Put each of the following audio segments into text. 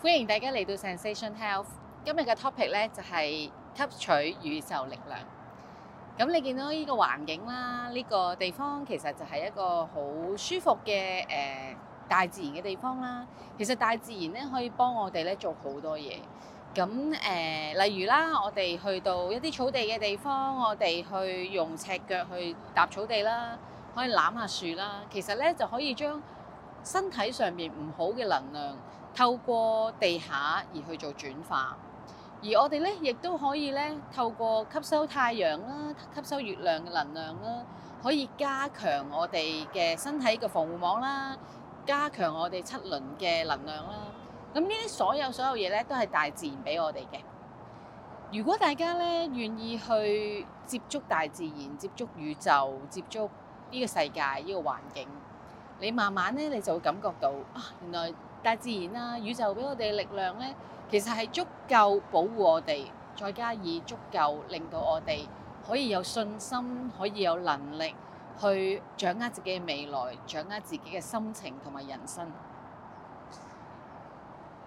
歡迎大家嚟到 Zensation Health。今日嘅 topic 咧就係吸取宇宙力量。咁你見到呢個環境啦，呢個地方其實就係一個好舒服嘅誒、呃、大自然嘅地方啦。其實大自然咧可以幫我哋咧做好多嘢。咁誒、呃，例如啦，我哋去到一啲草地嘅地方，我哋去用赤腳去踏草地啦，可以攬下樹啦。其實咧就可以將身體上面唔好嘅能量。透過地下而去做轉化，而我哋咧亦都可以咧透過吸收太陽啦、吸收月亮嘅能量啦，可以加強我哋嘅身體嘅防護網啦，加強我哋七輪嘅能量啦。咁呢啲所有所有嘢咧，都係大自然俾我哋嘅。如果大家咧願意去接觸大自然、接觸宇宙、接觸呢個世界、呢個環境，你慢慢咧你就會感覺到啊，原來。大自然啦，宇宙俾我哋嘅力量咧，其實係足夠保護我哋，再加以足夠令到我哋可以有信心，可以有能力去掌握自己嘅未來，掌握自己嘅心情同埋人生。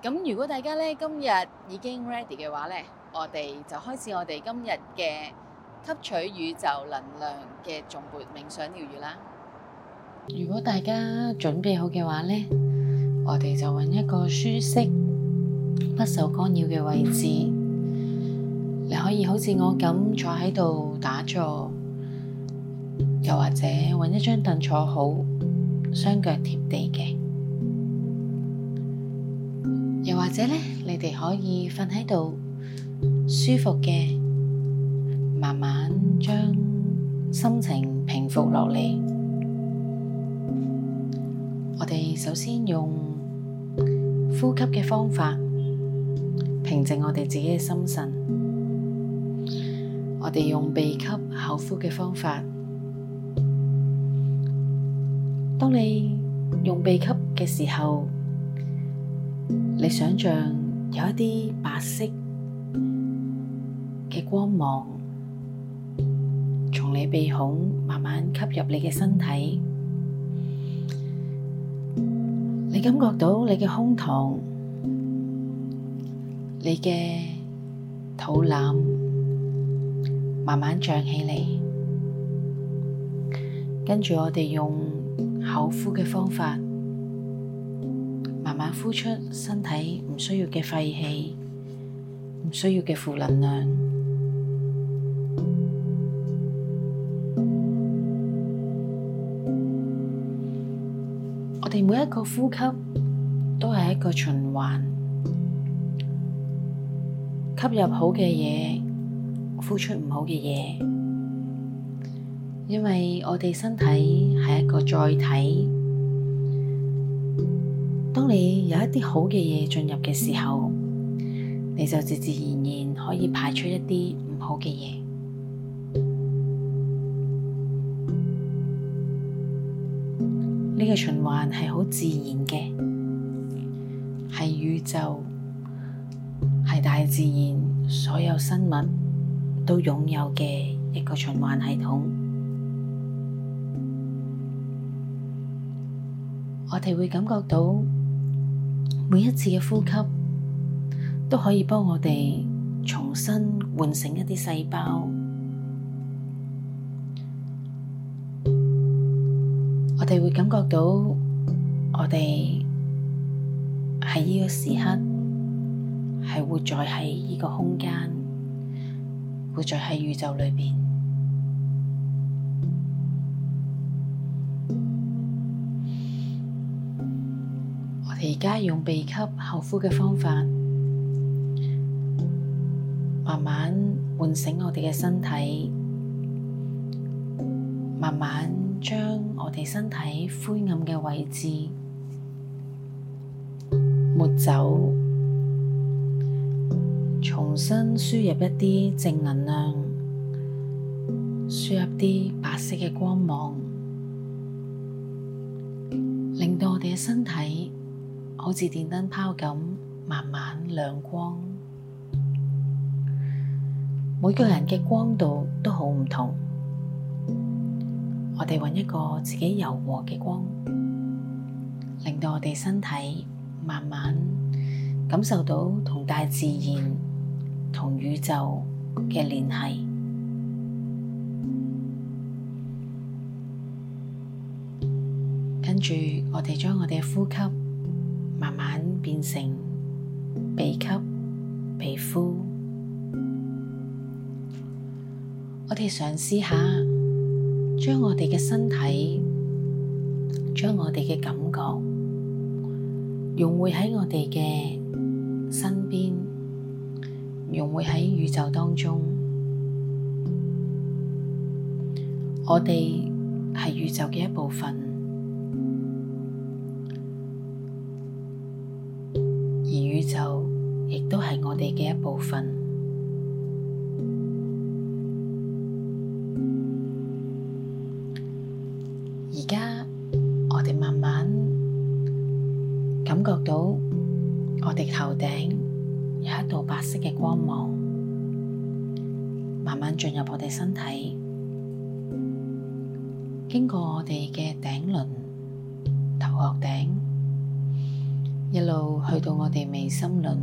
咁如果大家咧今日已經 ready 嘅話咧，我哋就開始我哋今日嘅吸取宇宙能量嘅頌缽冥想療癒啦。如果大家準備好嘅話咧～我哋就揾一個舒適、不受干擾嘅位置，你可以好似我咁坐喺度打坐，又或者揾一張凳坐好，雙腳貼地嘅，又或者咧，你哋可以瞓喺度舒服嘅，慢慢將心情平復落嚟。我哋首先用呼吸嘅方法，平靜我哋自己嘅心神。我哋用鼻吸口呼嘅方法。當你用鼻吸嘅時候，你想像有一啲白色嘅光芒，從你鼻孔慢慢吸入你嘅身體。感覺到你嘅胸膛、你嘅肚腩慢慢漲起嚟，跟住我哋用口呼嘅方法，慢慢呼出身體唔需要嘅廢氣、唔需要嘅負能量。我哋每一個呼吸都係一個循環，吸入好嘅嘢，呼出唔好嘅嘢，因為我哋身體係一個載體。當你有一啲好嘅嘢進入嘅時候，你就自自然然可以排出一啲唔好嘅嘢。呢個循環係好自然嘅，係宇宙，係大自然所有生物都擁有嘅一個循環系統。我哋會感覺到每一次嘅呼吸都可以幫我哋重新喚醒一啲細胞。我哋會感覺到，我哋喺呢個時刻係活在喺呢個空間，活在喺宇宙裏邊。我哋而家用鼻吸後呼嘅方法，慢慢喚醒我哋嘅身體，慢慢。將我哋身體灰暗嘅位置抹走，重新輸入一啲正能量，輸入啲白色嘅光芒，令到我哋嘅身體好似電燈泡咁慢慢亮光。每個人嘅光度都好唔同。我哋搵一個自己柔和嘅光，令到我哋身體慢慢感受到同大自然、同宇宙嘅聯繫。跟住，我哋將我哋嘅呼吸慢慢變成鼻吸、鼻呼。我哋嘗試下。將我哋嘅身體，將我哋嘅感覺融匯喺我哋嘅身邊，融匯喺宇宙當中。我哋係宇宙嘅一部分，而宇宙亦都係我哋嘅一部分。感覺到我哋頭頂有一道白色嘅光芒，慢慢進入我哋身體，經過我哋嘅頂輪、頭殼頂，一路去到我哋眉心輪，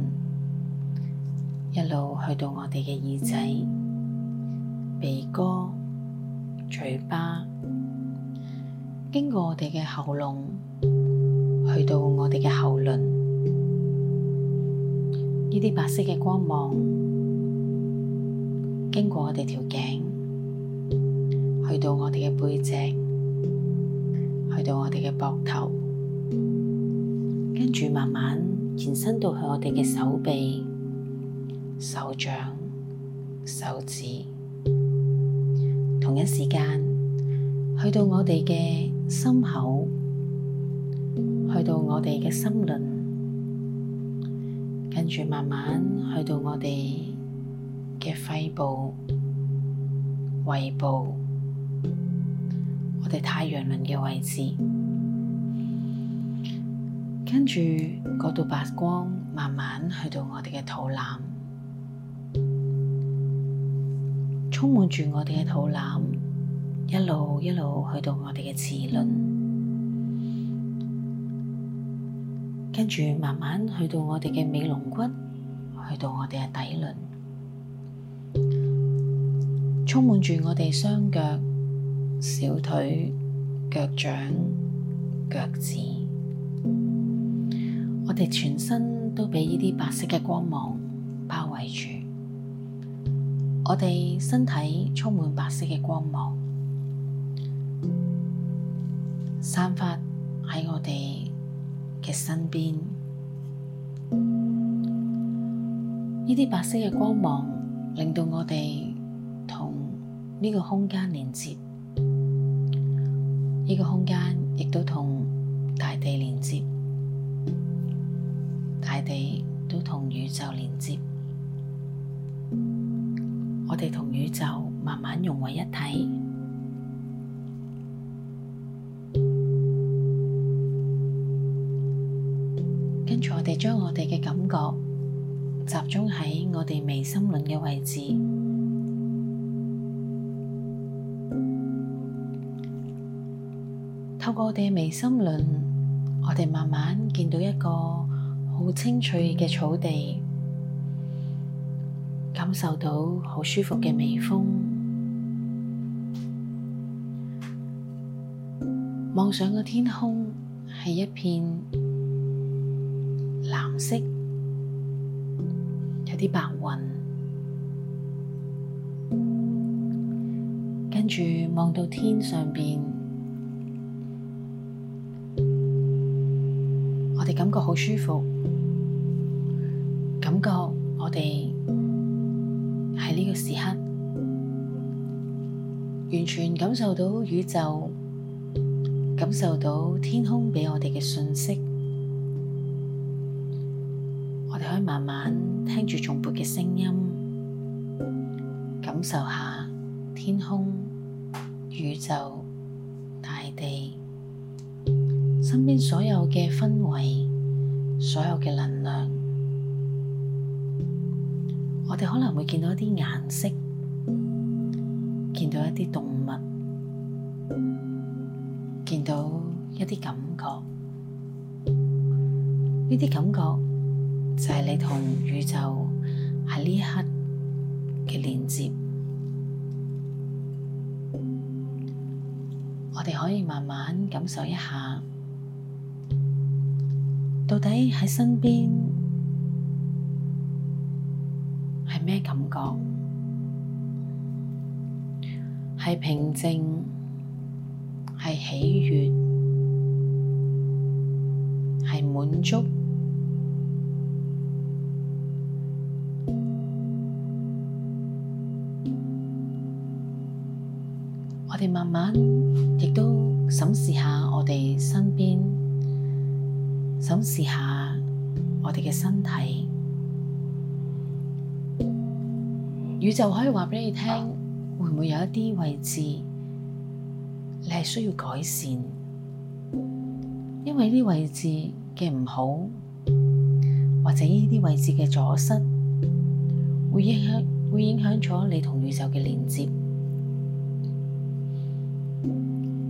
一路去到我哋嘅耳仔、鼻哥、嘴巴，經過我哋嘅喉嚨。去到我哋嘅喉輪，呢啲白色嘅光芒經過我哋條頸，去到我哋嘅背脊，去到我哋嘅膊頭，跟住慢慢延伸到去我哋嘅手臂、手掌、手指，同一時間去到我哋嘅心口。去到我哋嘅心輪，跟住慢慢去到我哋嘅肺部、胃部，我哋太陽輪嘅位置，跟住嗰度白光慢慢去到我哋嘅肚腩，充滿住我哋嘅肚腩，一路一路去到我哋嘅臍輪。跟住慢慢去到我哋嘅尾龍骨，去到我哋嘅底輪，充滿住我哋雙腳、小腿、腳掌、腳趾，我哋全身都被呢啲白色嘅光芒包圍住，我哋身體充滿白色嘅光芒，散發喺我哋。嘅身邊，呢啲白色嘅光芒令到我哋同呢個空間連接，呢個空間亦都同大地連接，大地都同宇宙連接，我哋同宇宙慢慢融為一體。集中喺我哋眉心輪嘅位置，透過我哋眉心輪，我哋慢慢見到一個好青翠嘅草地，感受到好舒服嘅微風，望上個天空係一片藍色。啲白雲，跟住望到天上邊，我哋感覺好舒服，感覺我哋喺呢個時刻，完全感受到宇宙，感受到天空畀我哋嘅信息。慢慢聽住頌缽嘅聲音，感受下天空、宇宙、大地，身邊所有嘅氛圍，所有嘅能量。我哋可能會見到一啲顏色，見到一啲動物，見到一啲感覺。呢啲感覺。就係你同宇宙喺呢一刻嘅連接，我哋可以慢慢感受一下，到底喺身邊係咩感覺？係平靜，係喜悦，係滿足。我哋慢慢亦都審視下我哋身邊，審視下我哋嘅身體。宇宙可以話俾你聽，會唔會有一啲位置，你係需要改善？因為呢啲位置嘅唔好，或者呢啲位置嘅阻塞，會影響會影響咗你同宇宙嘅連接。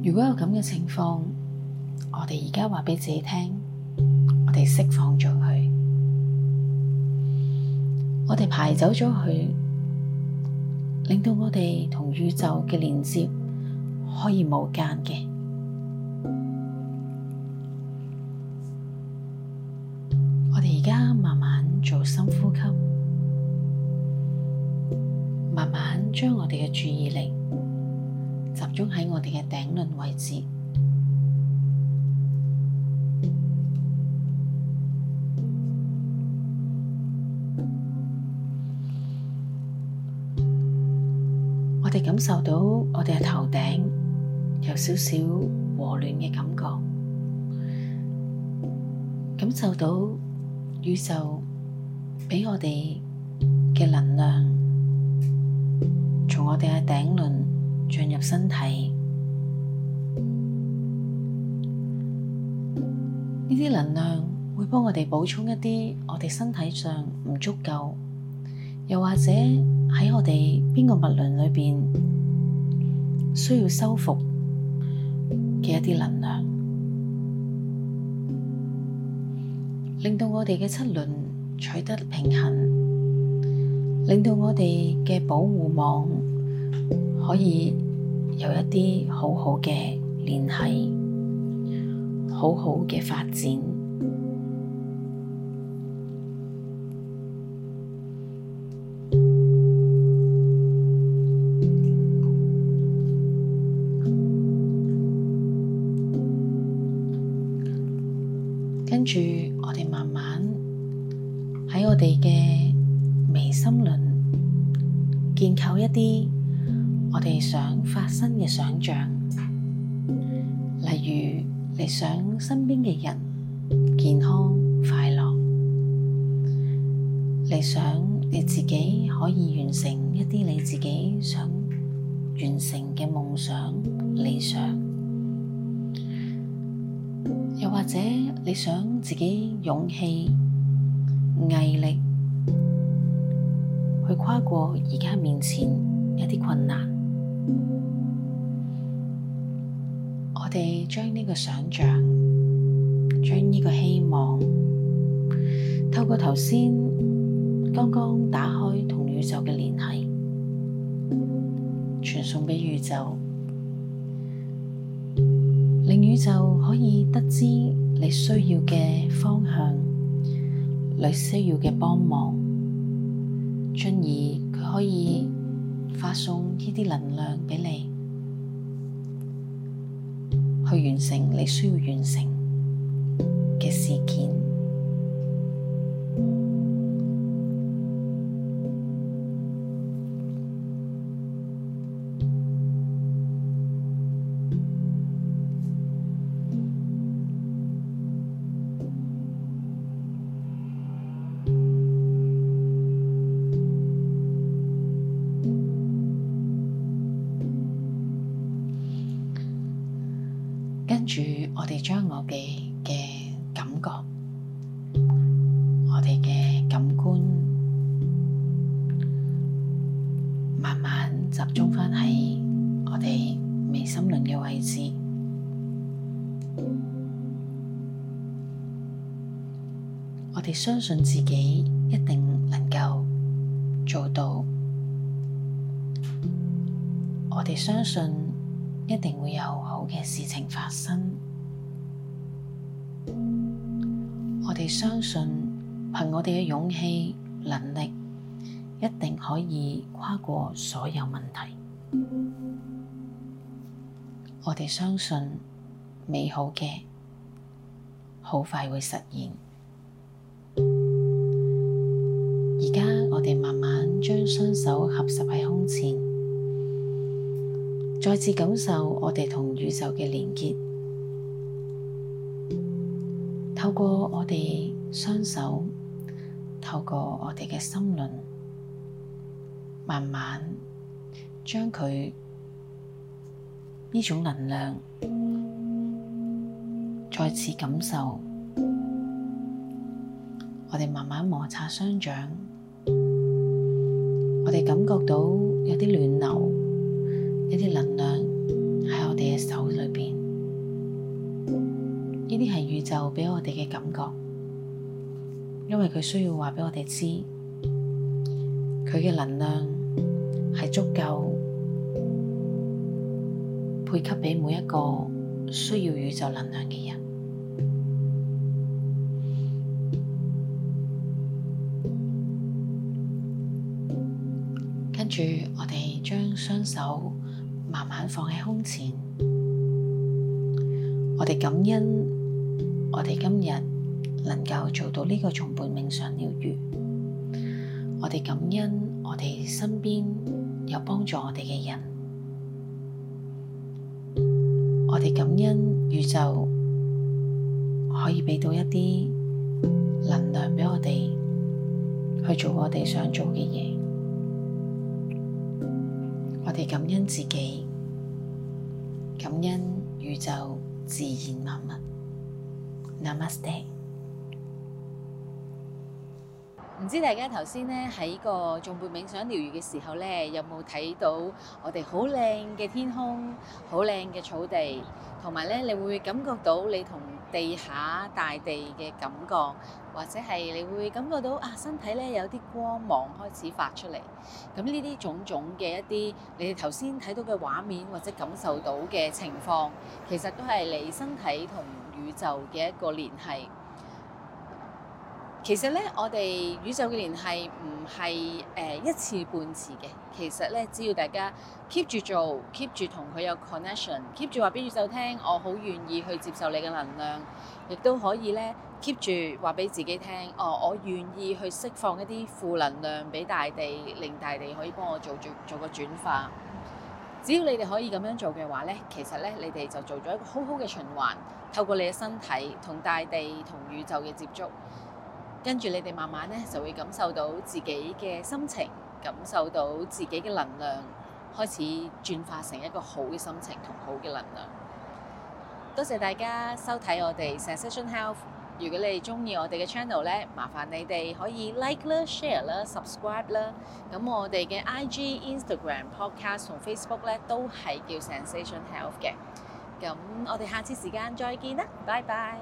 如果有咁嘅情況，我哋而家話俾自己聽，我哋釋放咗佢，我哋排走咗佢，令到我哋同宇宙嘅連接可以無間嘅。感受到我哋嘅頭頂有少少和暖嘅感覺，感受到宇宙畀我哋嘅能量從我哋嘅頂輪進入身體，呢啲能量會幫我哋補充一啲我哋身體上唔足夠，又或者，喺我哋邊個脈輪裏邊，需要修復嘅一啲能量，令到我哋嘅七輪取得平衡，令到我哋嘅保護網可以有一啲好好嘅聯繫，好好嘅發展。住，我哋慢慢喺我哋嘅微心輪建構一啲我哋想發生嘅想象，例如你想身邊嘅人健康快樂，你想你自己可以完成一啲你自己想完成嘅夢想理想。又或者你想自己勇氣、毅力，去跨過而家面前一啲困難，我哋將呢個想像，將呢個希望透過頭先剛剛打開同宇宙嘅聯繫，傳送畀宇宙。令宇宙可以得知你需要嘅方向，你需要嘅幫忙，進而佢可以發送呢啲能量畀你，去完成你需要完成嘅事件。住，我哋將我嘅嘅感覺，我哋嘅感官，慢慢集中返喺我哋眉心輪嘅位置。我哋相信自己一定能夠做到。我哋相信。一定會有好嘅事情發生。我哋相信，憑我哋嘅勇氣、能力，一定可以跨過所有問題。我哋相信美好嘅好快會實現。而家我哋慢慢將雙手合十喺胸前。再次感受我哋同宇宙嘅連結，透過我哋雙手，透過我哋嘅心輪，慢慢將佢呢種能量再次感受。我哋慢慢摩擦雙掌，我哋感覺到有啲暖流。一啲能量喺我哋嘅手裏邊，呢啲係宇宙畀我哋嘅感覺，因為佢需要話畀我哋知，佢嘅能量係足夠配給畀每一個需要宇宙能量嘅人。跟住我哋將雙手。慢慢放喺胸前，我哋感恩，我哋今日能夠做到呢個頌缽冥想療癒，我哋感恩，我哋身邊有幫助我哋嘅人，我哋感恩宇宙可以俾到一啲能量俾我哋去做我哋想做嘅嘢。感恩自己，感恩宇宙、自然萬物。Namaste。唔知大家頭先咧喺個頌缽冥想療癒嘅時候咧，有冇睇到我哋好靚嘅天空、好靚嘅草地，同埋咧，你會唔會感覺到你同地下大地嘅感覺，或者係你會感覺到啊，身體咧有啲光芒開始發出嚟。咁呢啲種種嘅一啲，你哋頭先睇到嘅畫面或者感受到嘅情況，其實都係你身體同宇宙嘅一個聯繫。其實咧，我哋宇宙嘅聯繫唔係誒一次半次嘅。其實咧，只要大家 keep 住做，keep 住同佢有 connection，keep 住話俾宇宙聽，我好願意去接受你嘅能量，亦都可以咧 keep 住話俾自己聽。哦，我願意去釋放一啲負能量俾大地，令大地可以幫我做做做個轉化。只要你哋可以咁樣做嘅話咧，其實咧，你哋就做咗一個好好嘅循環。透過你嘅身體同大地同宇宙嘅接觸。跟住你哋慢慢咧，就會感受到自己嘅心情，感受到自己嘅能量，開始轉化成一個好嘅心情同好嘅能量。多謝大家收睇我哋 Zensation Health。如果你哋中意我哋嘅 channel 咧，麻煩你哋可以 like 啦、share 啦、subscribe 啦。咁我哋嘅 IG、Instagram、Podcast 同 Facebook 咧都係叫 Zensation Health 嘅。咁我哋下次時間再見啦，拜拜。